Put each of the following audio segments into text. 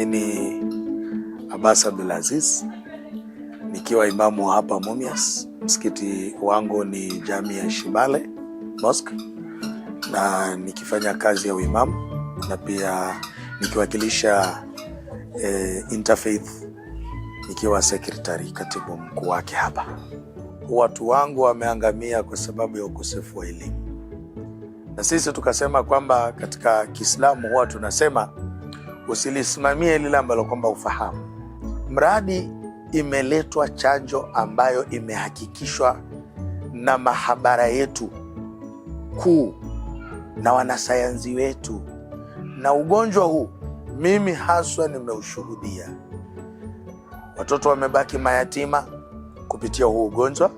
Mimi ni Abbas Abdulaziz nikiwa imamu hapa Mumias. Msikiti wangu ni Jamia Shibale Mosque, na nikifanya kazi ya uimamu na pia nikiwakilisha eh, Interfaith nikiwa sekretari katibu mkuu wake hapa. Watu wangu wameangamia kwa sababu ya ukosefu wa elimu, na sisi tukasema kwamba katika Kiislamu huwa tunasema usilisimamie lile ambalo kwamba ufahamu. Mradi imeletwa chanjo ambayo imehakikishwa na mahabara yetu kuu na wanasayansi wetu, na ugonjwa huu mimi haswa nimeushuhudia. Watoto wamebaki mayatima kupitia huu ugonjwa.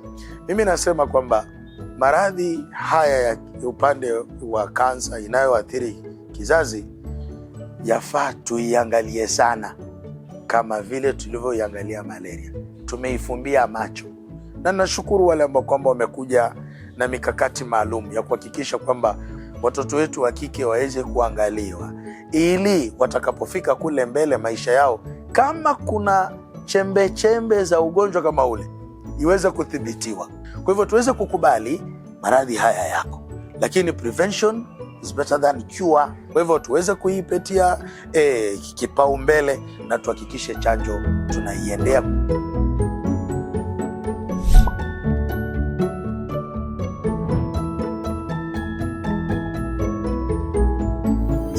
Mimi nasema kwamba maradhi haya ya upande wa kansa inayoathiri kizazi yafaa tuiangalie sana, kama vile tulivyoiangalia malaria. Tumeifumbia macho, na nashukuru wale ambao kwamba wamekuja na mikakati maalum ya kuhakikisha kwamba watoto wetu wa kike waweze kuangaliwa, ili watakapofika kule mbele maisha yao, kama kuna chembe chembe za ugonjwa kama ule iweze kudhibitiwa. Kwa hivyo tuweze kukubali maradhi haya yako, lakini prevention is better than cure. Kwa hivyo tuweze kuipatia eh, kipaumbele na tuhakikishe chanjo tunaiendea.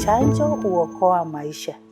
Chanjo huokoa maisha.